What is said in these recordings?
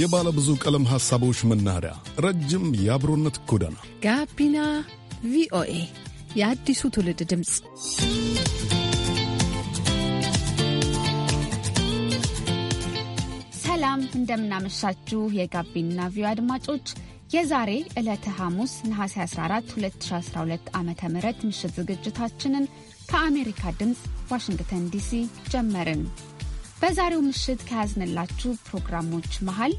የባለ ብዙ ቀለም ሐሳቦች መናኸሪያ፣ ረጅም የአብሮነት ጎዳና ጋቢና ቪኦኤ የአዲሱ ትውልድ ድምፅ። ሰላም፣ እንደምናመሻችሁ የጋቢና ቪኦኤ አድማጮች። የዛሬ ዕለተ ሐሙስ ነሐሴ 14 2012 ዓ ም ምሽት ዝግጅታችንን ከአሜሪካ ድምፅ ዋሽንግተን ዲሲ ጀመርን። በዛሬው ምሽት ከያዝንላችሁ ፕሮግራሞች መሀል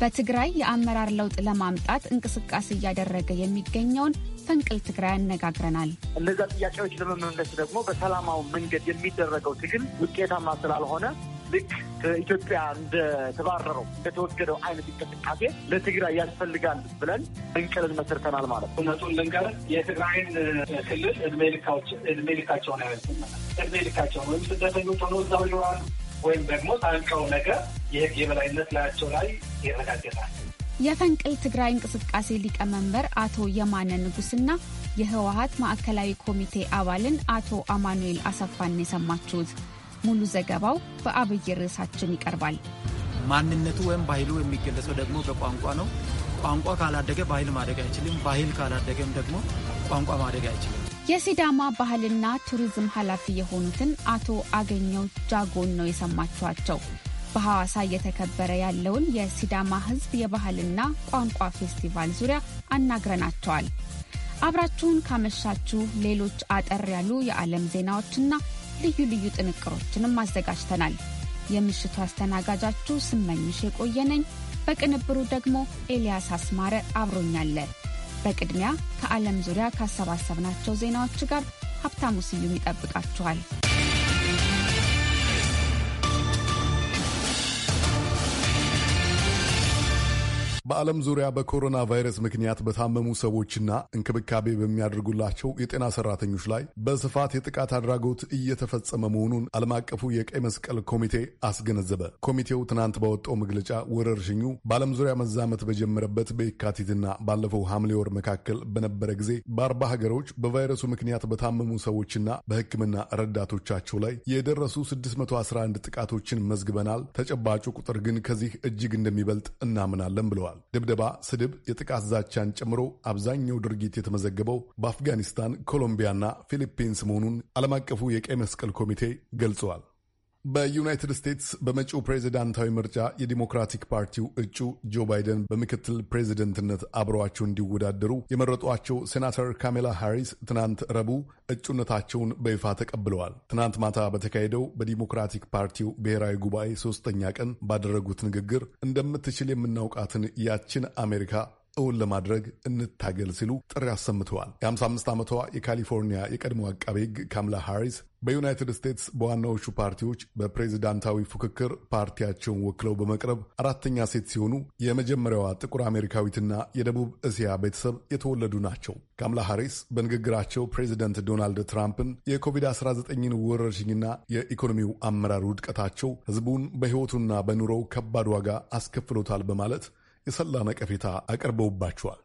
በትግራይ የአመራር ለውጥ ለማምጣት እንቅስቃሴ እያደረገ የሚገኘውን ፈንቅል ትግራይ ያነጋግረናል። እነዚያ ጥያቄዎች ለመመለስ ደግሞ በሰላማዊ መንገድ የሚደረገው ትግል ውጤታማ ስላልሆነ ልክ ከኢትዮጵያ እንደተባረረው እንደተወገደው አይነት እንቅስቃሴ ለትግራይ ያስፈልጋል ብለን እንቅልን መስርተናል ማለት ነው። እውነቱን ልንገር የትግራይን ክልል እድሜ ልካቸውን ያያል እድሜ ልካቸውን ወይም ስደተኞች ሆኖ እዛው ይኖራሉ ወይም ደግሞ ታንቀው ነገር የህግ የበላይነት ላያቸው ላይ ይረጋገጣል። የፈንቅል ትግራይ እንቅስቃሴ ሊቀመንበር አቶ የማነ ንጉስና የህወሀት ማዕከላዊ ኮሚቴ አባልን አቶ አማኑኤል አሰፋን የሰማችሁት። ሙሉ ዘገባው በአብይ ርዕሳችን ይቀርባል። ማንነቱ ወይም ባህሉ የሚገለጸው ደግሞ በቋንቋ ነው። ቋንቋ ካላደገ ባህል ማደግ አይችልም። ባህል ካላደገም ደግሞ ቋንቋ ማደግ አይችልም። የሲዳማ ባህልና ቱሪዝም ኃላፊ የሆኑትን አቶ አገኘው ጃጎን ነው የሰማችኋቸው። በሐዋሳ እየተከበረ ያለውን የሲዳማ ሕዝብ የባህልና ቋንቋ ፌስቲቫል ዙሪያ አናግረናቸዋል። አብራችሁን ካመሻችሁ ሌሎች አጠር ያሉ የዓለም ዜናዎችና ልዩ ልዩ ጥንቅሮችንም አዘጋጅተናል። የምሽቱ አስተናጋጃችሁ ስመኝሽ የቆየነኝ፣ በቅንብሩ ደግሞ ኤልያስ አስማረ አብሮኛለ። በቅድሚያ ከዓለም ዙሪያ ካሰባሰብናቸው ዜናዎች ጋር ሀብታሙ ስዩም ይጠብቃችኋል። በዓለም ዙሪያ በኮሮና ቫይረስ ምክንያት በታመሙ ሰዎችና እንክብካቤ በሚያደርጉላቸው የጤና ሰራተኞች ላይ በስፋት የጥቃት አድራጎት እየተፈጸመ መሆኑን ዓለም አቀፉ የቀይ መስቀል ኮሚቴ አስገነዘበ። ኮሚቴው ትናንት ባወጣው መግለጫ ወረርሽኙ በዓለም ዙሪያ መዛመት በጀመረበት በየካቲትና ባለፈው ሐምሌ ወር መካከል በነበረ ጊዜ በአርባ ሀገሮች በቫይረሱ ምክንያት በታመሙ ሰዎችና በሕክምና ረዳቶቻቸው ላይ የደረሱ 611 ጥቃቶችን መዝግበናል። ተጨባጩ ቁጥር ግን ከዚህ እጅግ እንደሚበልጥ እናምናለን ብለዋል። ተናግረዋል። ድብደባ፣ ስድብ፣ የጥቃት ዛቻን ጨምሮ አብዛኛው ድርጊት የተመዘገበው በአፍጋኒስታን፣ ኮሎምቢያና ፊሊፒንስ መሆኑን ዓለም አቀፉ የቀይ መስቀል ኮሚቴ ገልጸዋል። በዩናይትድ ስቴትስ በመጪው ፕሬዚዳንታዊ ምርጫ የዲሞክራቲክ ፓርቲው እጩ ጆ ባይደን በምክትል ፕሬዚደንትነት አብረዋቸው እንዲወዳደሩ የመረጧቸው ሴናተር ካሜላ ሃሪስ ትናንት ረቡዕ እጩነታቸውን በይፋ ተቀብለዋል። ትናንት ማታ በተካሄደው በዲሞክራቲክ ፓርቲው ብሔራዊ ጉባኤ ሶስተኛ ቀን ባደረጉት ንግግር እንደምትችል የምናውቃትን ያችን አሜሪካ እውን ለማድረግ እንታገል ሲሉ ጥሪ አሰምተዋል። የ55 ዓመቷ የካሊፎርኒያ የቀድሞ አቃቤ ሕግ ካምላ ሃሪስ በዩናይትድ ስቴትስ በዋናዎቹ ፓርቲዎች በፕሬዚዳንታዊ ፉክክር ፓርቲያቸውን ወክለው በመቅረብ አራተኛ ሴት ሲሆኑ የመጀመሪያዋ ጥቁር አሜሪካዊትና የደቡብ እስያ ቤተሰብ የተወለዱ ናቸው። ካምላ ሃሪስ በንግግራቸው ፕሬዚደንት ዶናልድ ትራምፕን የኮቪድ-19ን ወረርሽኝና የኢኮኖሚው አመራር ውድቀታቸው ሕዝቡን በሕይወቱና በኑሮው ከባድ ዋጋ አስከፍሎታል በማለት የሰላ ነቀፌታ አቅርበውባቸዋል።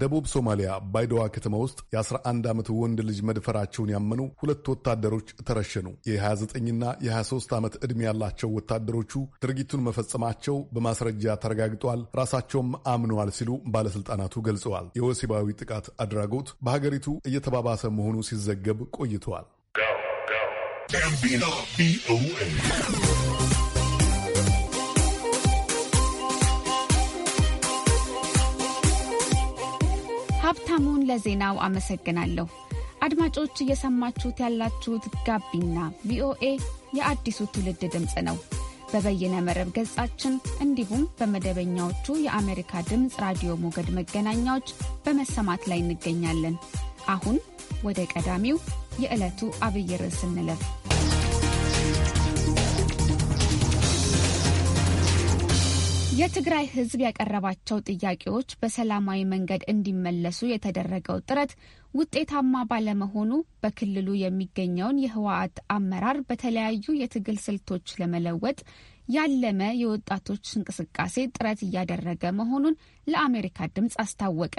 ደቡብ ሶማሊያ ባይደዋ ከተማ ውስጥ የ11 ዓመት ወንድ ልጅ መድፈራቸውን ያመኑ ሁለት ወታደሮች ተረሸኑ። የ29ና የ23 ዓመት ዕድሜ ያላቸው ወታደሮቹ ድርጊቱን መፈጸማቸው በማስረጃ ተረጋግጧል፣ ራሳቸውም አምነዋል ሲሉ ባለሥልጣናቱ ገልጸዋል። የወሲባዊ ጥቃት አድራጎት በሀገሪቱ እየተባባሰ መሆኑ ሲዘገብ ቆይተዋል። ሀብታሙን ለዜናው አመሰግናለሁ። አድማጮች እየሰማችሁት ያላችሁት ጋቢና ቪኦኤ የአዲሱ ትውልድ ድምፅ ነው። በበይነ መረብ ገጻችን እንዲሁም በመደበኛዎቹ የአሜሪካ ድምፅ ራዲዮ ሞገድ መገናኛዎች በመሰማት ላይ እንገኛለን። አሁን ወደ ቀዳሚው የዕለቱ አብይ ርዕስ እንለፍ። የትግራይ ሕዝብ ያቀረባቸው ጥያቄዎች በሰላማዊ መንገድ እንዲመለሱ የተደረገው ጥረት ውጤታማ ባለመሆኑ በክልሉ የሚገኘውን የህወሓት አመራር በተለያዩ የትግል ስልቶች ለመለወጥ ያለመ የወጣቶች እንቅስቃሴ ጥረት እያደረገ መሆኑን ለአሜሪካ ድምፅ አስታወቀ።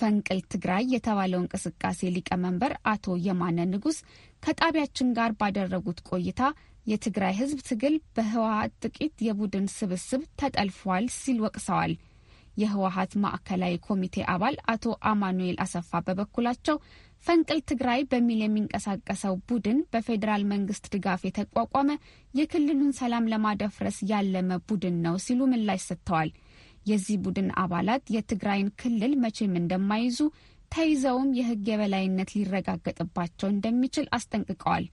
ፈንቅል ትግራይ የተባለው እንቅስቃሴ ሊቀመንበር አቶ የማነ ንጉስ ከጣቢያችን ጋር ባደረጉት ቆይታ የትግራይ ህዝብ ትግል በህወሀት ጥቂት የቡድን ስብስብ ተጠልፏል ሲል ወቅሰዋል። የህወሀት ማዕከላዊ ኮሚቴ አባል አቶ አማኑኤል አሰፋ በበኩላቸው ፈንቅል ትግራይ በሚል የሚንቀሳቀሰው ቡድን በፌዴራል መንግስት ድጋፍ የተቋቋመ የክልሉን ሰላም ለማደፍረስ ያለመ ቡድን ነው ሲሉ ምላሽ ሰጥተዋል። የዚህ ቡድን አባላት የትግራይን ክልል መቼም እንደማይይዙ ተይዘውም የህግ የበላይነት ሊረጋገጥባቸው እንደሚችል አስጠንቅቀዋል።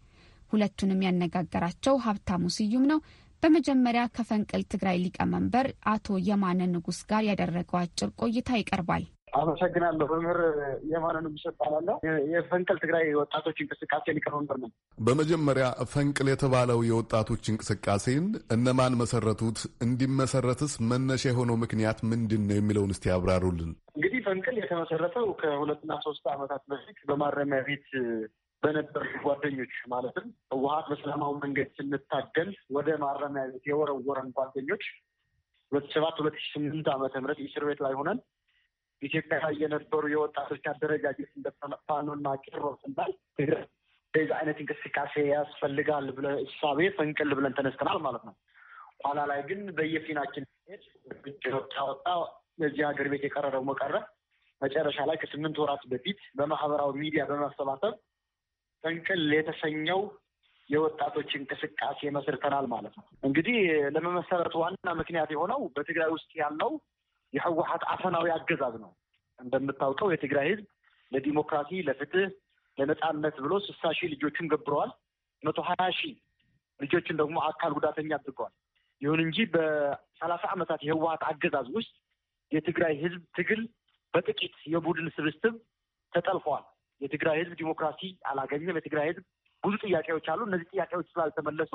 ሁለቱንም ያነጋገራቸው ሀብታሙ ስዩም ነው። በመጀመሪያ ከፈንቅል ትግራይ ሊቀመንበር አቶ የማነ ንጉስ ጋር ያደረገው አጭር ቆይታ ይቀርባል። አመሰግናለሁ። መምህር የማነ ንጉስ እባላለሁ። የፈንቅል ትግራይ ወጣቶች እንቅስቃሴ ሊቀመንበር ነው። በመጀመሪያ ፈንቅል የተባለው የወጣቶች እንቅስቃሴን እነማን መሰረቱት? እንዲመሰረትስ መነሻ የሆነው ምክንያት ምንድን ነው የሚለውን እስቲ ያብራሩልን። እንግዲህ ፈንቅል የተመሰረተው ከሁለትና ሶስት ዓመታት በፊት በማረሚያ ቤት በነበሩ ጓደኞች ማለትም ህወሀት በሰላማዊ መንገድ ስንታገል ወደ ማረሚያ ቤት የወረወረን ጓደኞች ሁለት ሰባት ሁለት ሺ ስምንት ዓመተ ምህረት እስር ቤት ላይ ሆነን ኢትዮጵያ ላይ የነበሩ የወጣቶች አደረጃጀት እንደፋኖና ቄሮ ስንባል እንደዚህ አይነት እንቅስቃሴ ያስፈልጋል ብለ እሳቤ ፈንቅል ብለን ተነስተናል ማለት ነው። ኋላ ላይ ግን በየፊናችን ወጣ እዚህ ሀገር ቤት የቀረ ደግሞ ቀረ። መጨረሻ ላይ ከስምንት ወራት በፊት በማህበራዊ ሚዲያ በማሰባሰብ ፈንቅል የተሰኘው የወጣቶች እንቅስቃሴ መስርተናል ማለት ነው። እንግዲህ ለመመሰረቱ ዋና ምክንያት የሆነው በትግራይ ውስጥ ያለው የህወሀት አፈናዊ አገዛዝ ነው። እንደምታውቀው የትግራይ ህዝብ ለዲሞክራሲ፣ ለፍትህ፣ ለነጻነት ብሎ ስሳ ሺህ ልጆችን ገብረዋል። መቶ ሀያ ሺህ ልጆችን ደግሞ አካል ጉዳተኛ አድርገዋል። ይሁን እንጂ በሰላሳ ዓመታት የህወሀት አገዛዝ ውስጥ የትግራይ ህዝብ ትግል በጥቂት የቡድን ስብስብ ተጠልፈዋል። የትግራይ ህዝብ ዲሞክራሲ አላገኘም። የትግራይ ህዝብ ብዙ ጥያቄዎች አሉ። እነዚህ ጥያቄዎች ስላልተመለሱ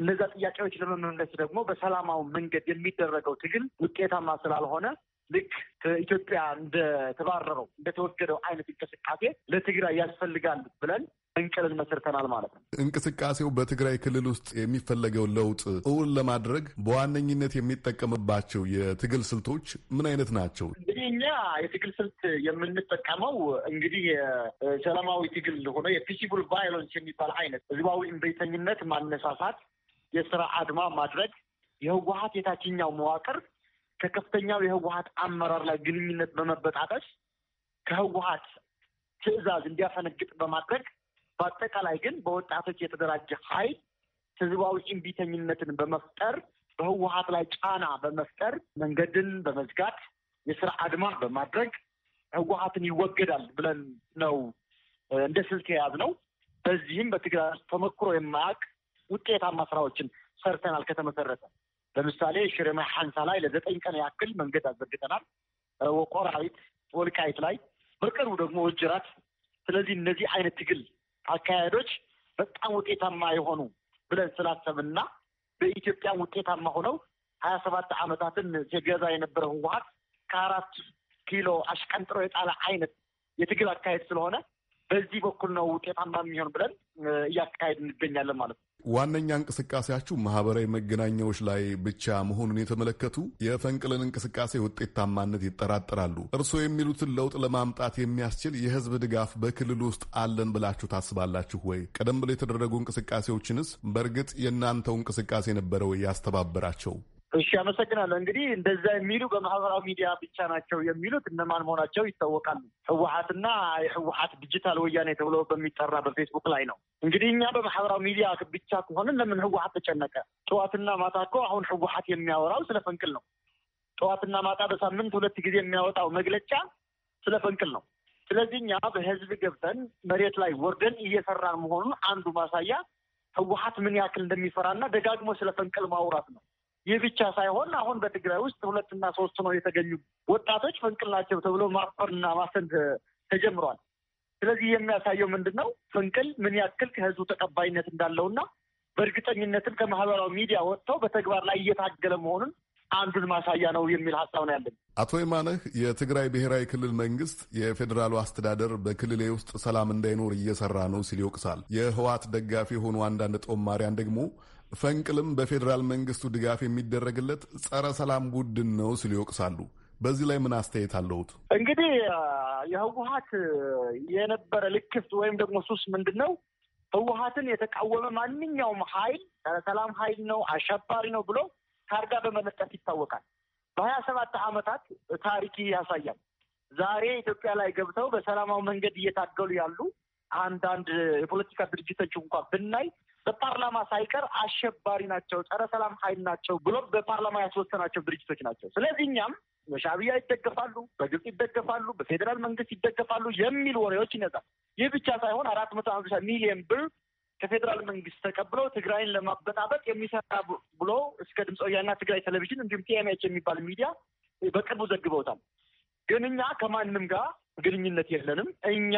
እነዛ ጥያቄዎች ለመመለስ ደግሞ በሰላማዊ መንገድ የሚደረገው ትግል ውጤታማ ስላልሆነ ልክ ከኢትዮጵያ እንደተባረረው እንደተወገደው አይነት እንቅስቃሴ ለትግራይ ያስፈልጋል ብለን እንቅልን መስርተናል ማለት ነው። እንቅስቃሴው በትግራይ ክልል ውስጥ የሚፈለገው ለውጥ እውን ለማድረግ በዋነኝነት የሚጠቀምባቸው የትግል ስልቶች ምን አይነት ናቸው? እንግዲህ እኛ የትግል ስልት የምንጠቀመው እንግዲህ ሰላማዊ ትግል ሆነ የፒሲቡል ቫይለንስ የሚባል አይነት ህዝባዊ እምቢተኝነት ማነሳሳት፣ የስራ አድማ ማድረግ፣ የህወሀት የታችኛው መዋቅር ከከፍተኛው የህወሀት አመራር ላይ ግንኙነት በመበጣጠስ ከህወሀት ትዕዛዝ እንዲያፈነግጥ በማድረግ በአጠቃላይ ግን በወጣቶች የተደራጀ ኃይል ህዝባዊ እምቢተኝነትን በመፍጠር በህወሀት ላይ ጫና በመፍጠር መንገድን በመዝጋት የስራ አድማ በማድረግ ህወሀትን ይወገዳል ብለን ነው እንደ ስልት ነው። በዚህም በትግራይ ተሞክሮ የማያውቅ ውጤታማ ስራዎችን ሰርተናል ከተመሰረተ ለምሳሌ ሽሬማ ሐንሳ ላይ ለዘጠኝ ቀን ያክል መንገድ አዘግተናል። ወቆራዊት፣ ወልቃይት ላይ በቅርቡ ደግሞ ወጅራት ስለዚህ እነዚህ አይነት ትግል አካሄዶች በጣም ውጤታማ የሆኑ ብለን ስላሰብና በኢትዮጵያ ውጤታማ ሆነው ሀያ ሰባት ዓመታትን ሲገዛ የነበረ ህወሀት ከአራት ኪሎ አሽቀንጥሮ የጣለ አይነት የትግል አካሄድ ስለሆነ በዚህ በኩል ነው ውጤታማ የሚሆን ብለን እያካሄድ እንገኛለን ማለት ነው። ዋነኛ እንቅስቃሴያችሁ ማህበራዊ መገናኛዎች ላይ ብቻ መሆኑን የተመለከቱ የፈንቅልን እንቅስቃሴ ውጤታማነት ይጠራጠራሉ። እርስዎ የሚሉትን ለውጥ ለማምጣት የሚያስችል የህዝብ ድጋፍ በክልል ውስጥ አለን ብላችሁ ታስባላችሁ ወይ? ቀደም ብሎ የተደረጉ እንቅስቃሴዎችንስ በእርግጥ የእናንተው እንቅስቃሴ ነበረ ወይ ያስተባበራቸው? እሺ፣ አመሰግናለሁ። እንግዲህ እንደዛ የሚሉ በማህበራዊ ሚዲያ ብቻ ናቸው የሚሉት እነማን መሆናቸው ይታወቃሉ። ህወሀትና የህወሀት ዲጂታል ወያኔ ተብሎ በሚጠራ በፌስቡክ ላይ ነው። እንግዲህ እኛ በማህበራዊ ሚዲያ ብቻ ከሆንን ለምን ህወሀት ተጨነቀ? ጠዋትና ማታ እኮ አሁን ህወሀት የሚያወራው ስለ ፈንቅል ነው። ጠዋትና ማታ በሳምንት ሁለት ጊዜ የሚያወጣው መግለጫ ስለ ፈንቅል ነው። ስለዚህ እኛ በህዝብ ገብተን መሬት ላይ ወርደን እየሰራን መሆኑን አንዱ ማሳያ ህወሀት ምን ያክል እንደሚፈራና ደጋግሞ ስለ ፈንቅል ማውራት ነው። ይህ ብቻ ሳይሆን አሁን በትግራይ ውስጥ ሁለትና ሶስት ነው የተገኙ ወጣቶች ናቸው ተብሎ ማፈርና ማሰንድ ተጀምሯል። ስለዚህ የሚያሳየው ምንድን ነው? ፍንቅል ምን ያክል ከህዝቡ ተቀባይነት እንዳለውና በእርግጠኝነትም ከማህበራዊ ሚዲያ ወጥተው በተግባር ላይ እየታገለ መሆኑን አንዱን ማሳያ ነው የሚል ሀሳብ ነው ያለን። አቶ የማነህ የትግራይ ብሔራዊ ክልል መንግስት የፌዴራሉ አስተዳደር በክልሌ ውስጥ ሰላም እንዳይኖር እየሰራ ነው ሲል ይወቅሳል። የህወሓት ደጋፊ የሆኑ አንዳንድ ጦማሪያን ደግሞ ፈንቅልም በፌዴራል መንግስቱ ድጋፍ የሚደረግለት ጸረ ሰላም ቡድን ነው ሲሉ ይወቅሳሉ። በዚህ ላይ ምን አስተያየት አለሁት? እንግዲህ የህወሀት የነበረ ልክፍት ወይም ደግሞ ሱስ ምንድን ነው? ህወሀትን የተቃወመ ማንኛውም ኃይል ጸረ ሰላም ኃይል ነው፣ አሸባሪ ነው ብሎ ታርጋ በመለጠፍ ይታወቃል። በሀያ ሰባት አመታት ታሪክ ያሳያል። ዛሬ ኢትዮጵያ ላይ ገብተው በሰላማዊ መንገድ እየታገሉ ያሉ አንዳንድ የፖለቲካ ድርጅቶች እንኳን ብናይ በፓርላማ ሳይቀር አሸባሪ ናቸው፣ ጸረ ሰላም ኃይል ናቸው ብሎ በፓርላማ ያስወሰናቸው ድርጅቶች ናቸው። ስለዚህ እኛም በሻቢያ ይደገፋሉ፣ በግብፅ ይደገፋሉ፣ በፌዴራል መንግስት ይደገፋሉ የሚል ወሬዎች ይነዛል። ይህ ብቻ ሳይሆን አራት መቶ ሀምሳ ሚሊዮን ብር ከፌዴራል መንግስት ተቀብሎ ትግራይን ለማበጣበጥ የሚሰራ ብሎ እስከ ድምፅ ወያኔና ትግራይ ቴሌቪዥን እንዲሁም ቲኤምኤች የሚባል ሚዲያ በቅርቡ ዘግበውታል። ግን እኛ ከማንም ጋር ግንኙነት የለንም። እኛ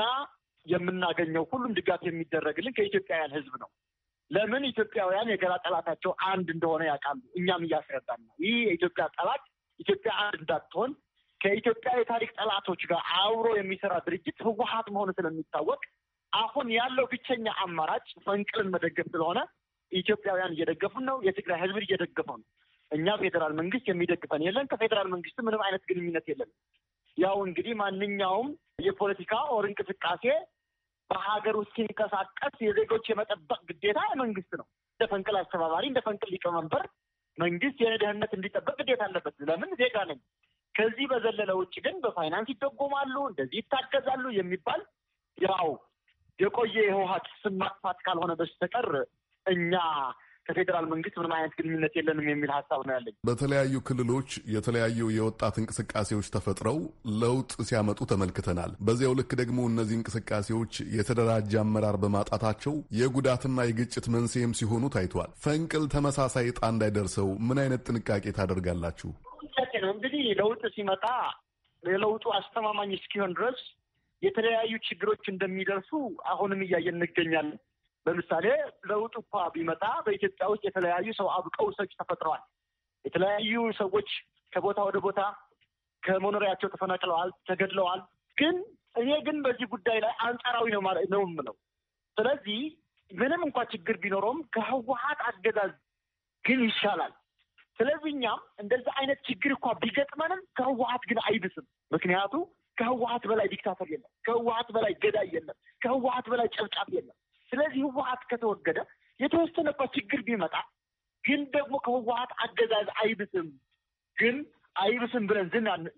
የምናገኘው ሁሉም ድጋፍ የሚደረግልን ከኢትዮጵያውያን ህዝብ ነው። ለምን ኢትዮጵያውያን የጋራ ጠላታቸው አንድ እንደሆነ ያውቃሉ። እኛም እያስረዳን ነው። ይህ የኢትዮጵያ ጠላት ኢትዮጵያ አንድ እንዳትሆን ከኢትዮጵያ የታሪክ ጠላቶች ጋር አብሮ የሚሰራ ድርጅት ህወሀት መሆኑ ስለሚታወቅ አሁን ያለው ብቸኛ አማራጭ ፈንቅልን መደገፍ ስለሆነ ኢትዮጵያውያን እየደገፉን ነው። የትግራይ ህዝብ እየደገፈ ነው። እኛ ፌዴራል መንግስት የሚደግፈን የለን። ከፌዴራል መንግስት ምንም አይነት ግንኙነት የለን። ያው እንግዲህ ማንኛውም የፖለቲካ ኦር እንቅስቃሴ በሀገር ውስጥ ሲንቀሳቀስ የዜጎች የመጠበቅ ግዴታ የመንግስት ነው። እንደ ፈንቅል አስተባባሪ፣ እንደ ፈንቅል ሊቀመንበር መንግስት የኔ ደህንነት እንዲጠበቅ ግዴታ አለበት። ለምን ዜጋ ነኝ። ከዚህ በዘለለ ውጭ ግን በፋይናንስ ይደጎማሉ፣ እንደዚህ ይታገዛሉ የሚባል ያው የቆየ የህወሀት ስም ማጥፋት ካልሆነ በስተቀር እኛ ከፌዴራል መንግስት ምንም አይነት ግንኙነት የለንም የሚል ሀሳብ ነው ያለኝ። በተለያዩ ክልሎች የተለያዩ የወጣት እንቅስቃሴዎች ተፈጥረው ለውጥ ሲያመጡ ተመልክተናል። በዚያው ልክ ደግሞ እነዚህ እንቅስቃሴዎች የተደራጀ አመራር በማጣታቸው የጉዳትና የግጭት መንስኤም ሲሆኑ ታይቷል። ፈንቅል ተመሳሳይ እጣ እንዳይደርሰው ምን አይነት ጥንቃቄ ታደርጋላችሁ? እንግዲህ ለውጥ ሲመጣ የለውጡ አስተማማኝ እስኪሆን ድረስ የተለያዩ ችግሮች እንደሚደርሱ አሁንም እያየን እንገኛለን። ለምሳሌ ለውጥ እንኳ ቢመጣ በኢትዮጵያ ውስጥ የተለያዩ ሰው አብቀው ሰዎች ተፈጥረዋል። የተለያዩ ሰዎች ከቦታ ወደ ቦታ ከመኖሪያቸው ተፈናቅለዋል፣ ተገድለዋል። ግን እኔ ግን በዚህ ጉዳይ ላይ አንጻራዊ ነው ማለት ነው የምለው። ስለዚህ ምንም እንኳ ችግር ቢኖረውም ከህወሀት አገዛዝ ግን ይሻላል። ስለዚህ እኛም እንደዚህ አይነት ችግር እንኳ ቢገጥመንም ከህወሀት ግን አይብስም። ምክንያቱ ከህወሀት በላይ ዲክታተር የለም፣ ከህወሀት በላይ ገዳይ የለም፣ ከህወሀት በላይ ጨብጫፍ የለም። ስለዚህ ህወሀት ከተወገደ የተወሰነባት ችግር ቢመጣ ግን ደግሞ ከህወሀት አገዛዝ አይብስም። ግን አይብስም ብለን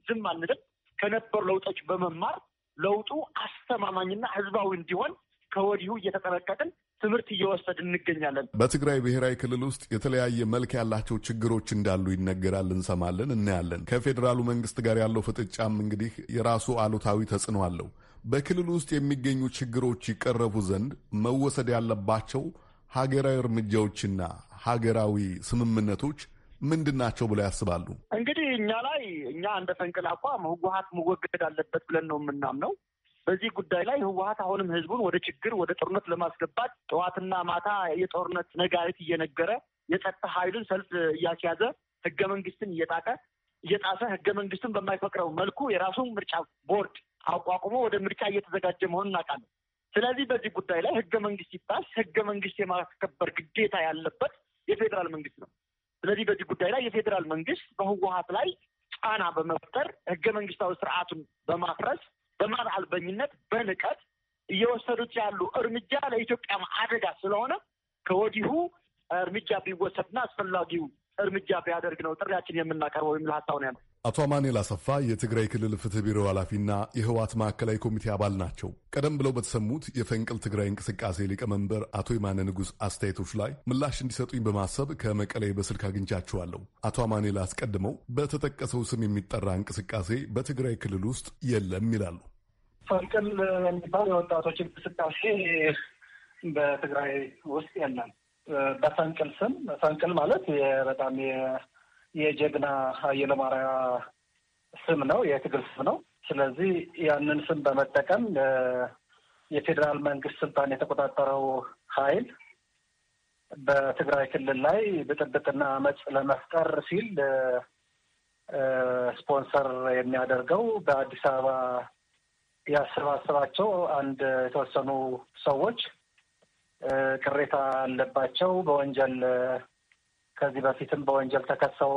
ዝም አንልም። ከነበሩ ለውጦች በመማር ለውጡ አስተማማኝና ህዝባዊ እንዲሆን ከወዲሁ እየተጠነቀቅን ትምህርት እየወሰድ እንገኛለን። በትግራይ ብሔራዊ ክልል ውስጥ የተለያየ መልክ ያላቸው ችግሮች እንዳሉ ይነገራል፣ እንሰማለን፣ እናያለን። ከፌዴራሉ መንግስት ጋር ያለው ፍጥጫም እንግዲህ የራሱ አሉታዊ ተጽዕኖ አለው። በክልል ውስጥ የሚገኙ ችግሮች ይቀረፉ ዘንድ መወሰድ ያለባቸው ሀገራዊ እርምጃዎችና ሀገራዊ ስምምነቶች ምንድን ናቸው ብለው ያስባሉ? እንግዲህ እኛ ላይ እኛ እንደ ፈንቅል አቋም ህወሀት መወገድ አለበት ብለን ነው የምናምነው። በዚህ ጉዳይ ላይ ህወሀት አሁንም ህዝቡን ወደ ችግር ወደ ጦርነት ለማስገባት ጠዋትና ማታ የጦርነት ነጋሪት እየነገረ የጸጥታ ኃይሉን ሰልፍ እያስያዘ ህገ መንግስትን እየጣቀ እየጣሰ ህገ መንግስትን በማይፈቅረው መልኩ የራሱን ምርጫ ቦርድ አቋቁሞ ወደ ምርጫ እየተዘጋጀ መሆኑን እናውቃለን። ስለዚህ በዚህ ጉዳይ ላይ ህገ መንግስት ሲባል ህገ መንግስት የማስከበር ግዴታ ያለበት የፌዴራል መንግስት ነው። ስለዚህ በዚህ ጉዳይ ላይ የፌዴራል መንግስት በህወሀት ላይ ጫና በመፍጠር ህገ መንግስታዊ ስርዓቱን በማፍረስ በማን አልበኝነት በንቀት እየወሰዱት ያሉ እርምጃ ለኢትዮጵያ አደጋ ስለሆነ ከወዲሁ እርምጃ ቢወሰድና አስፈላጊው እርምጃ ቢያደርግ ነው ጥሪያችን የምናቀርበው ወይም ለሀሳብ ነው ያለው። አቶ አማኔል አሰፋ የትግራይ ክልል ፍትህ ቢሮ ኃላፊና የህዋት ማዕከላዊ ኮሚቴ አባል ናቸው። ቀደም ብለው በተሰሙት የፈንቅል ትግራይ እንቅስቃሴ ሊቀመንበር አቶ የማነ ንጉሥ አስተያየቶች ላይ ምላሽ እንዲሰጡኝ በማሰብ ከመቀሌ በስልክ አግኝቻችኋለሁ። አቶ አማኔል አስቀድመው በተጠቀሰው ስም የሚጠራ እንቅስቃሴ በትግራይ ክልል ውስጥ የለም ይላሉ። ፈንቅል የሚባል የወጣቶች እንቅስቃሴ በትግራይ ውስጥ የለም። በፈንቅል ስም ፈንቅል ማለት በጣም የጀግና ኃይለማርያ ስም ነው፣ የትግል ስም ነው። ስለዚህ ያንን ስም በመጠቀም የፌዴራል መንግስት ስልጣን የተቆጣጠረው ኃይል በትግራይ ክልል ላይ ብጥብጥና አመፅ ለመፍጠር ሲል ስፖንሰር የሚያደርገው በአዲስ አበባ ያሰባሰባቸው አንድ የተወሰኑ ሰዎች ቅሬታ አለባቸው፣ በወንጀል ከዚህ በፊትም በወንጀል ተከሰው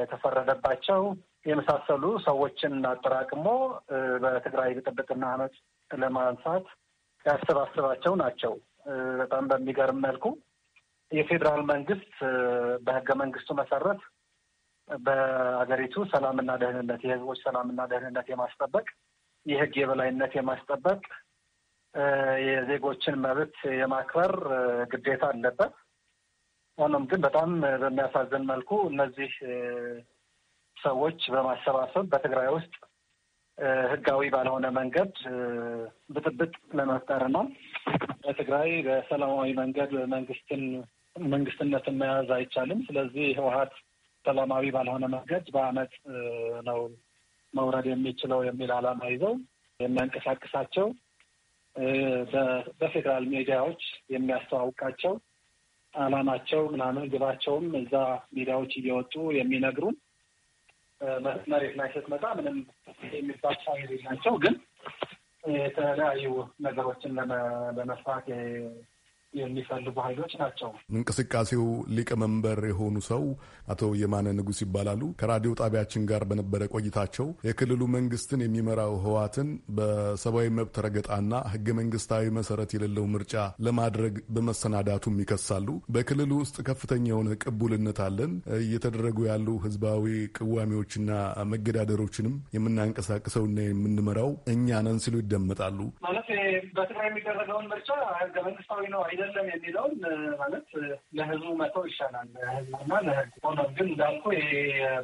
የተፈረደባቸው የመሳሰሉ ሰዎችን አጠራቅሞ በትግራይ ብጥብጥና አመፅ ለማንሳት ያሰባስባቸው ናቸው። በጣም በሚገርም መልኩ የፌዴራል መንግስት በህገ መንግስቱ መሰረት በአገሪቱ ሰላምና ደህንነት የህዝቦች ሰላምና ደህንነት የማስጠበቅ የህግ የበላይነት የማስጠበቅ የዜጎችን መብት የማክበር ግዴታ አለበት። ሆኖም ግን በጣም በሚያሳዝን መልኩ እነዚህ ሰዎች በማሰባሰብ በትግራይ ውስጥ ህጋዊ ባልሆነ መንገድ ብጥብጥ ለመፍጠር ነው። በትግራይ በሰላማዊ መንገድ መንግስትን መንግስትነትን መያዝ አይቻልም። ስለዚህ ህወሀት ሰላማዊ ባልሆነ መንገድ በአመፅ ነው መውረድ የሚችለው የሚል አላማ ይዘው የሚያንቀሳቅሳቸው በፌዴራል ሚዲያዎች የሚያስተዋውቃቸው አላማቸው ምናምን ግባቸውም እዛ ሚዲያዎች እየወጡ የሚነግሩን መሬት ላይ ስትመጣ ምንም የሚባል ናቸው ግን የተለያዩ ነገሮችን ለመስራት የሚፈልጉ ኃይሎች ናቸው። እንቅስቃሴው ሊቀመንበር የሆኑ ሰው አቶ የማነ ንጉስ ይባላሉ። ከራዲዮ ጣቢያችን ጋር በነበረ ቆይታቸው የክልሉ መንግስትን የሚመራው ህወሓትን በሰብአዊ መብት ረገጣና ህገ መንግስታዊ መሰረት የሌለው ምርጫ ለማድረግ በመሰናዳቱም ይከሳሉ። በክልሉ ውስጥ ከፍተኛ የሆነ ቅቡልነት አለን፣ እየተደረጉ ያሉ ህዝባዊ ቅዋሚዎችና መገዳደሮችንም የምናንቀሳቅሰውና የምንመራው እኛ ነን ሲሉ ይደመጣሉ። ማለት በትግራይ የሚደረገውን ምርጫ ህገ መንግስታዊ ነው አይደ አይደለም የሚለውን ማለት ለህዝቡ መተው ይሻላል። ህዝቡና ለህዝቡ ሆኖ ግን እንዳልኩ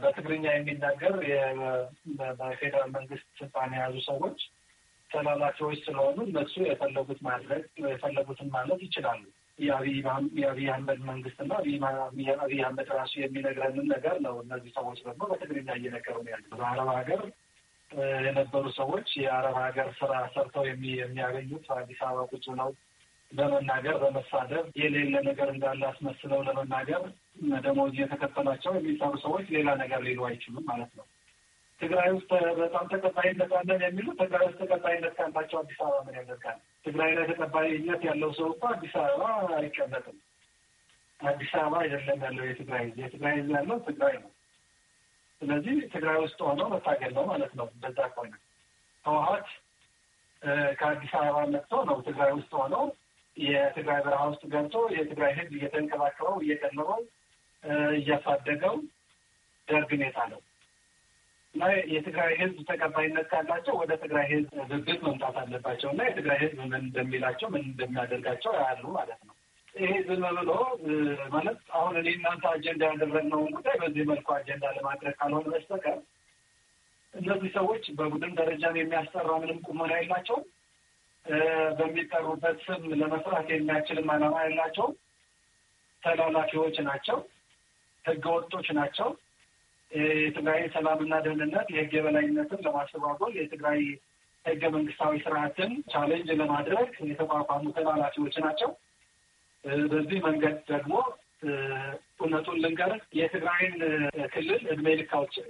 በትግርኛ የሚናገር በፌዴራል መንግስት ስልጣን የያዙ ሰዎች ተላላኪዎች ስለሆኑ እነሱ የፈለጉት ማድረግ የፈለጉትን ማለት ይችላሉ። የአብይ አህመድ መንግስትና አብይ አህመድ ራሱ የሚነግረንን ነገር ነው። እነዚህ ሰዎች ደግሞ በትግርኛ እየነገሩ ያለ በአረብ ሀገር የነበሩ ሰዎች የአረብ ሀገር ስራ ሰርተው የሚያገኙት አዲስ አበባ ቁጭ ነው በመናገር በመሳደብ የሌለ ነገር እንዳለ አስመስለው ለመናገር ደሞዝ እየተከፈላቸው የሚሰሩ ሰዎች ሌላ ነገር ሊሉ አይችሉም ማለት ነው። ትግራይ ውስጥ በጣም ተቀባይነት አለን የሚሉት ትግራይ ውስጥ ተቀባይነት ካላቸው አዲስ አበባ ምን ያደርጋል? ትግራይ ላይ ተቀባይነት ያለው ሰው እኮ አዲስ አበባ አይቀመጥም። አዲስ አበባ አይደለም ያለው የትግራይ ህዝብ፣ የትግራይ ህዝብ ያለው ትግራይ ነው። ስለዚህ ትግራይ ውስጥ ሆነው መታገል ነው ማለት ነው። በዛ ከሆነ ህወሀት ከአዲስ አበባ መጥቶ ነው ትግራይ ውስጥ ሆነው የትግራይ በረሃ ውስጥ ገብቶ የትግራይ ህዝብ እየተንከባከበው እየቀለበው እያሳደገው ደርግ ነው የጣለው እና የትግራይ ህዝብ ተቀባይነት ካላቸው ወደ ትግራይ ህዝብ ብብት መምጣት አለባቸው እና የትግራይ ህዝብ ምን እንደሚላቸው ምን እንደሚያደርጋቸው ያሉ ማለት ነው። ይሄ ዝም ብሎ ማለት አሁን እኔ እናንተ አጀንዳ ያደረግነውን ጉዳይ በዚህ መልኩ አጀንዳ ለማድረግ ካልሆነ በስተቀር እነዚህ ሰዎች በቡድን ደረጃም የሚያሰራ ምንም ቁመና የላቸውም። በሚጠሩበት ስም ለመስራት የሚያስችልም አላማ ያላቸው ተላላፊዎች ናቸው፣ ወጦች ናቸው። የትግራይ ሰላምና ደህንነት የህግ የበላይነትን ለማስተጓጎል የትግራይ ህገ መንግስታዊ ስርዓትን ቻሌንጅ ለማድረግ የተቋቋሙ ተላላፊዎች ናቸው። በዚህ መንገድ ደግሞ እውነቱን ልንገር የትግራይን ክልል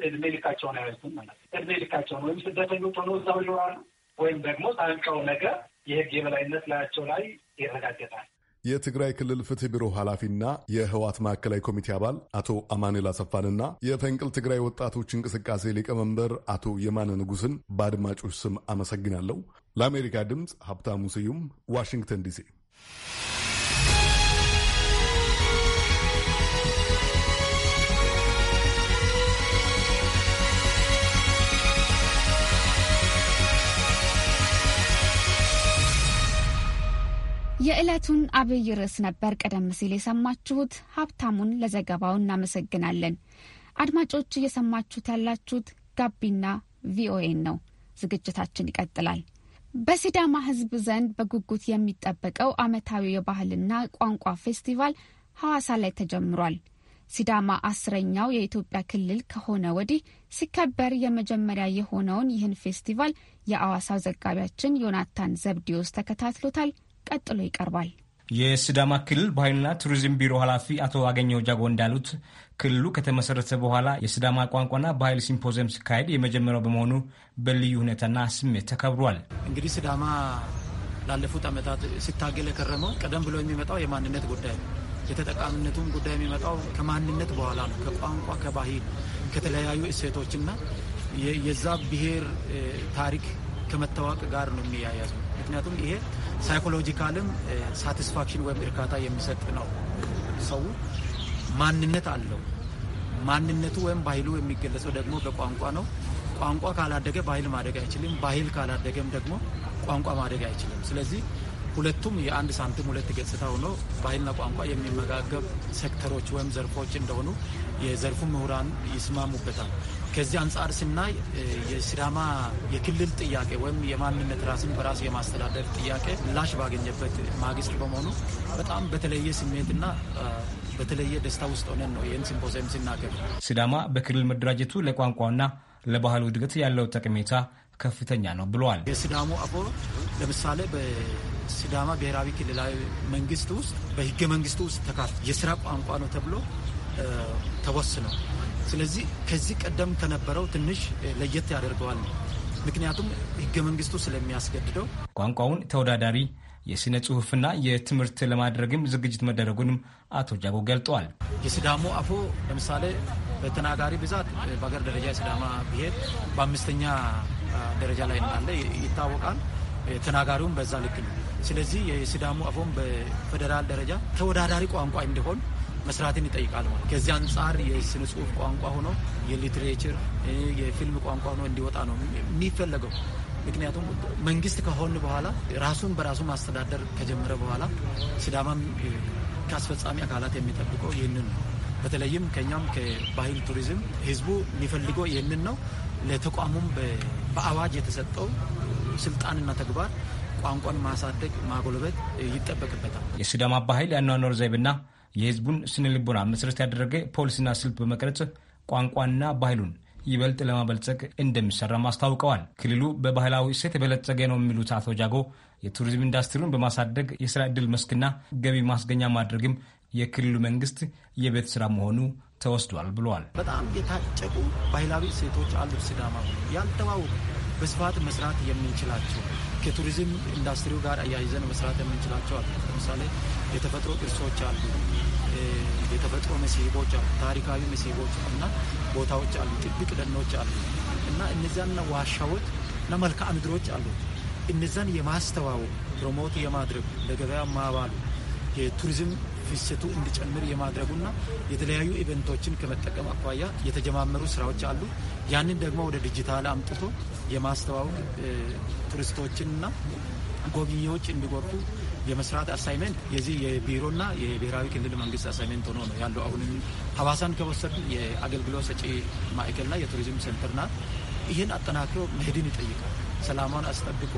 እድሜ ልካቸውን አያዩትም ማለት እድሜ ልካቸውን ወይም ስደተኞች ሆኖ እዛው ይኖራሉ ወይም ደግሞ ታንቀው ነገር የህግ የበላይነት ላያቸው ላይ ይረጋገጣል። የትግራይ ክልል ፍትህ ቢሮ ኃላፊና የህዋት ማዕከላዊ ኮሚቴ አባል አቶ አማኑኤል አሰፋንና የፈንቅል ትግራይ ወጣቶች እንቅስቃሴ ሊቀመንበር አቶ የማነ ንጉስን በአድማጮች ስም አመሰግናለሁ። ለአሜሪካ ድምፅ ሀብታሙ ስዩም ዋሽንግተን ዲሲ የዕለቱን አብይ ርዕስ ነበር ቀደም ሲል የሰማችሁት። ሀብታሙን ለዘገባው እናመሰግናለን። አድማጮች እየሰማችሁት ያላችሁት ጋቢና ቪኦኤን ነው። ዝግጅታችን ይቀጥላል። በሲዳማ ሕዝብ ዘንድ በጉጉት የሚጠበቀው ዓመታዊ የባህልና ቋንቋ ፌስቲቫል ሐዋሳ ላይ ተጀምሯል። ሲዳማ አስረኛው የኢትዮጵያ ክልል ከሆነ ወዲህ ሲከበር የመጀመሪያ የሆነውን ይህን ፌስቲቫል የአዋሳው ዘጋቢያችን ዮናታን ዘብዲዮስ ተከታትሎታል። ቀጥሎ ይቀርባል። የሲዳማ ክልል ባህልና ቱሪዝም ቢሮ ኃላፊ አቶ አገኘው ጃጎ እንዳሉት ክልሉ ከተመሰረተ በኋላ የስዳማ ቋንቋና ባህል ሲምፖዚየም ሲካሄድ የመጀመሪያው በመሆኑ በልዩ ሁኔታና ስሜት ተከብሯል። እንግዲህ ስዳማ ላለፉት ዓመታት ሲታገል የከረመው ቀደም ብሎ የሚመጣው የማንነት ጉዳይ ነው። የተጠቃሚነቱም ጉዳይ የሚመጣው ከማንነት በኋላ ነው። ከቋንቋ ከባህል ከተለያዩ እሴቶችና የዛ ብሔር ታሪክ ከመታወቅ ጋር ነው የሚያያዙ። ምክንያቱም ይሄ ሳይኮሎጂካልም ሳቲስፋክሽን ወይም እርካታ የሚሰጥ ነው። ሰው ማንነት አለው። ማንነቱ ወይም ባህሉ የሚገለጸው ደግሞ በቋንቋ ነው። ቋንቋ ካላደገ ባህል ማደግ አይችልም። ባህል ካላደገም ደግሞ ቋንቋ ማደግ አይችልም። ስለዚህ ሁለቱም የአንድ ሳንቲም ሁለት ገጽታ ሆኖ ባህልና ቋንቋ የሚመጋገብ ሴክተሮች ወይም ዘርፎች እንደሆኑ የዘርፉ ምሁራን ይስማሙበታል። ከዚህ አንጻር ስናይ የሲዳማ የክልል ጥያቄ ወይም የማንነት ራስን በራስ የማስተዳደር ጥያቄ ምላሽ ባገኘበት ማግስት በመሆኑ በጣም በተለየ ስሜትና በተለየ ደስታ ውስጥ ሆነን ነው ይህን ሲምፖዚየም ሲናገር። ሲዳማ በክልል መደራጀቱ ለቋንቋና ለባህል እድገት ያለው ጠቀሜታ ከፍተኛ ነው ብለዋል። የሲዳሙ አፎ ለምሳሌ በሲዳማ ብሔራዊ ክልላዊ መንግስት ውስጥ በህገ መንግስቱ ውስጥ ተካፍ የስራ ቋንቋ ነው ተብሎ ተወስነው ስለዚህ ከዚህ ቀደም ከነበረው ትንሽ ለየት ያደርገዋል። ምክንያቱም ህገ መንግስቱ ስለሚያስገድደው ቋንቋውን ተወዳዳሪ የስነ ጽሁፍና የትምህርት ለማድረግም ዝግጅት መደረጉንም አቶ ጃጎ ገልጠዋል። የስዳሞ አፎ ለምሳሌ በተናጋሪ ብዛት በሀገር ደረጃ የስዳማ ብሄር በአምስተኛ ደረጃ ላይ እንዳለ ይታወቃል። ተናጋሪውም በዛ ልክ ነው። ስለዚህ የሲዳሞ አፎም በፌዴራል ደረጃ ተወዳዳሪ ቋንቋ እንዲሆን መስራትን ይጠይቃል ማለት። ከዚህ አንጻር የስነ ጽሁፍ ቋንቋ ሆኖ የሊትሬቸር የፊልም ቋንቋ ሆኖ እንዲወጣ ነው የሚፈለገው። ምክንያቱም መንግስት ከሆን በኋላ ራሱን በራሱ ማስተዳደር ከጀመረ በኋላ ሲዳማም ከአስፈጻሚ አካላት የሚጠብቀው ይህንን ነው። በተለይም ከኛም ከባህል ቱሪዝም ህዝቡ የሚፈልገው ይህንን ነው። ለተቋሙም በአዋጅ የተሰጠው ስልጣንና ተግባር ቋንቋን ማሳደግ፣ ማጎልበት ይጠበቅበታል። የሲዳማ ባህል ያኗኗር ዘይቤና የህዝቡን ስነ ልቦና መሰረት ያደረገ ፖሊሲና ስልት በመቅረጽ ቋንቋና ባህሉን ይበልጥ ለማበልጸግ እንደሚሰራም አስታውቀዋል። ክልሉ በባህላዊ እሴት የበለጸገ ነው የሚሉት አቶ ጃጎ የቱሪዝም ኢንዱስትሪውን በማሳደግ የስራ ዕድል መስክና ገቢ ማስገኛ ማድረግም የክልሉ መንግስት የቤት ስራ መሆኑ ተወስዷል ብለዋል። በጣም የታጨቁ ባህላዊ እሴቶች አሉ። ስዳማ ያልተዋወቁ በስፋት መስራት የምንችላቸው ከቱሪዝም ኢንዱስትሪው ጋር አያይዘን መስራት የምንችላቸው አሉ። ለምሳሌ የተፈጥሮ ቅርሶች አሉ፣ የተፈጥሮ መስህቦች አሉ፣ ታሪካዊ መስህቦች እና ቦታዎች አሉ፣ ጥብቅ ደኖች አሉ እና እነዚያና ዋሻዎች እና ምድሮች አሉ። እነዚያን የማስተዋወቅ ፕሮሞት የማድረግ ለገበያ ማባሉ የቱሪዝም ፍሰቱ እንዲጨምር የማድረጉና የተለያዩ ኢቨንቶችን ከመጠቀም አኳያ የተጀማመሩ ስራዎች አሉ። ያንን ደግሞ ወደ ዲጂታል አምጥቶ የማስተዋወቅ ቱሪስቶችንና ጎብኚዎች እንዲጎርቱ የመስራት አሳይመንት የዚህ የቢሮና የብሔራዊ ክልል መንግስት አሳይመንት ሆኖ ነው ያለው። አሁንም ሀዋሳን ከወሰድን የአገልግሎት ሰጪ ማዕከልና የቱሪዝም ሴንተር ናት። ይህን አጠናክሮ መሄድን ይጠይቃል። ሰላሟን አስጠብቆ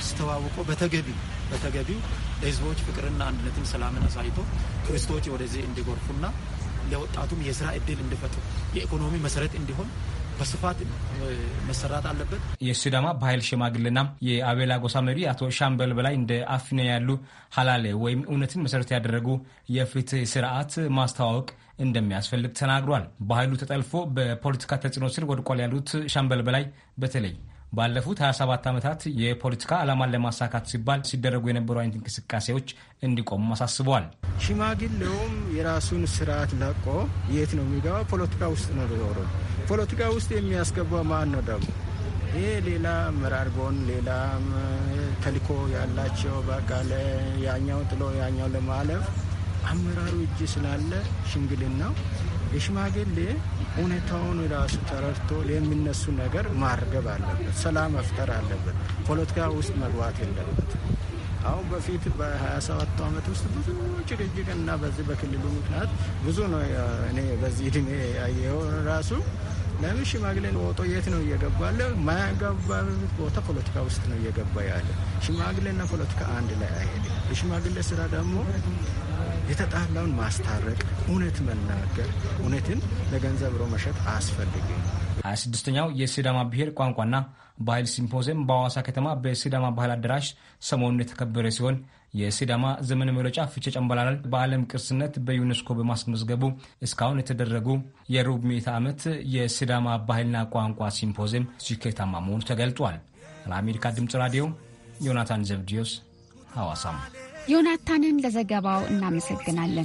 አስተዋውቆ በተገቢ በተገቢው ለህዝቦች ፍቅርና አንድነትን ሰላምን አሳይቶ ቱሪስቶች ወደዚህ እንዲጎርፉና ለወጣቱም የስራ እድል እንዲፈጥሩ የኢኮኖሚ መሰረት እንዲሆን በስፋት መሰራት አለበት። የሲዳማ ባህል ሽማግሌና የአቤላ ጎሳ መሪ አቶ ሻምበል በላይ እንደ አፍነ ያሉ ሀላሌ ወይም እውነትን መሰረት ያደረጉ የፍትህ ስርዓት ማስተዋወቅ እንደሚያስፈልግ ተናግሯል። ባህሉ ተጠልፎ በፖለቲካ ተጽዕኖ ስር ወድቋል ያሉት ሻምበል በላይ በተለይ ባለፉት 27 ዓመታት የፖለቲካ ዓላማን ለማሳካት ሲባል ሲደረጉ የነበሩ አይነት እንቅስቃሴዎች እንዲቆሙ አሳስበዋል። ሽማግሌውም የራሱን ስርዓት ለቆ የት ነው የሚገባ? ፖለቲካ ውስጥ ነው ዞሮ ፖለቲካ ውስጥ የሚያስገባው ማን ነው ደግሞ? ይሄ ሌላ አመራር ጎን ሌላ ተልኮ ያላቸው በቃ ያኛው ጥሎ ያኛው ለማለፍ አመራሩ እጅ ስላለ ሽምግልናው የሽማግሌ ሁኔታውን ራሱ ተረድቶ የሚነሱ ነገር ማርገብ አለበት። ሰላም መፍጠር አለበት። ፖለቲካ ውስጥ መግባት የለበት። አሁን በፊት በ27 ዓመት ውስጥ ብዙ ጭቅጭቅ እና በዚህ በክልሉ ምክንያት ብዙ ነው። እኔ በዚህ እድሜ ያየው ራሱ ለምን ሽማግሌን ወጦ የት ነው እየገባ ያለ? ቦታ ፖለቲካ ውስጥ ነው እየገባ ያለ። ሽማግሌና ፖለቲካ አንድ ላይ አይሄድም። የሽማግሌ ስራ ደግሞ የተጣላውን ማስታረቅ፣ እውነት መናገር፣ እውነትን ለገንዘብ ብሎ መሸጥ አያስፈልግም። ሀያ ስድስተኛው የሲዳማ ብሔር ቋንቋና ባህል ሲምፖዚየም በሐዋሳ ከተማ በሲዳማ ባህል አዳራሽ ሰሞኑን የተከበረ ሲሆን የሲዳማ ዘመን መረጫ ፍቼ ጨምበላላል በዓለም ቅርስነት በዩኔስኮ በማስመዝገቡ እስካሁን የተደረጉ የሩብ ምዕተ ዓመት የሲዳማ ባህልና ቋንቋ ሲምፖዚየም ስኬታማ መሆኑ ተገልጧል። ለአሜሪካ ድምፅ ራዲዮ ዮናታን ዘብዲዮስ ሐዋሳም ዮናታንን ለዘገባው እናመሰግናለን።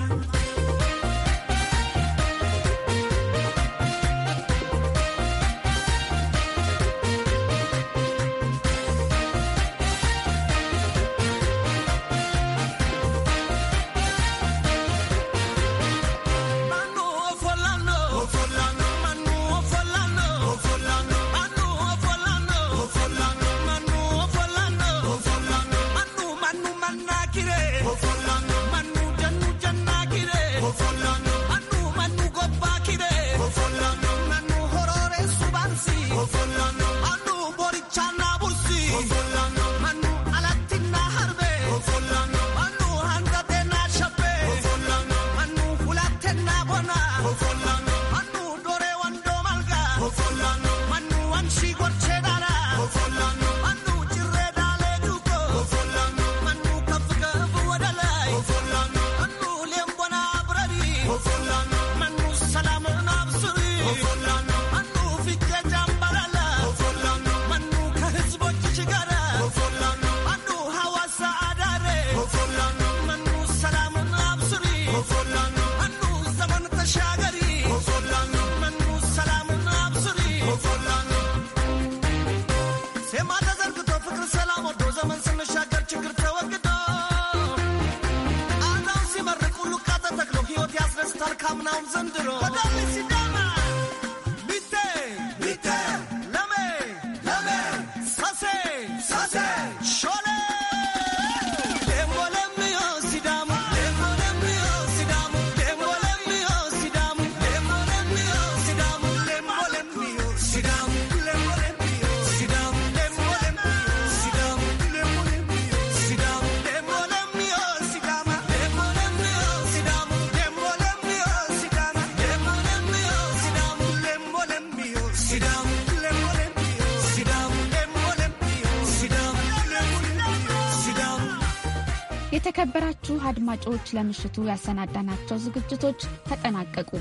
አድማጮች ለምሽቱ ያሰናዳናቸው ዝግጅቶች ተጠናቀቁ።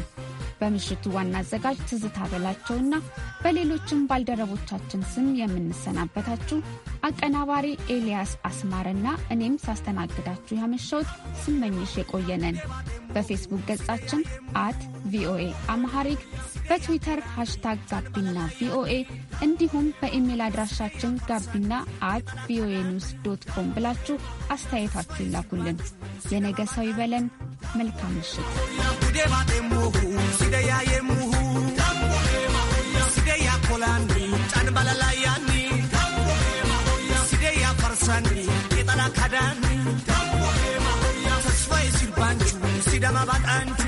በምሽቱ ዋና አዘጋጅ ትዝታ በላቸውና በሌሎችም ባልደረቦቻችን ስም የምንሰናበታችሁ አቀናባሪ ኤልያስ አስማርና እኔም ሳስተናግዳችሁ ያመሻውት ስመኝሽ የቆየነን። በፌስቡክ ገጻችን አት ቪኦኤ አምሃሪክ፣ በትዊተር ሃሽታግ ጋቢና ቪኦኤ እንዲሁም በኢሜል አድራሻችን ጋቢና አት ቪኦኤ ኒውስ ዶት ኮም ብላችሁ አስተያየታችሁ ይላኩልን። የነገ ሰው ይበለን። መልካም ምሽት። Hoolaandii, Canbalalayaanii, Sidee yaa Farsaanii, Qeexalaa Kadaanii, Tasfaayee Sirbaanchuu, Sidama Baadhaan.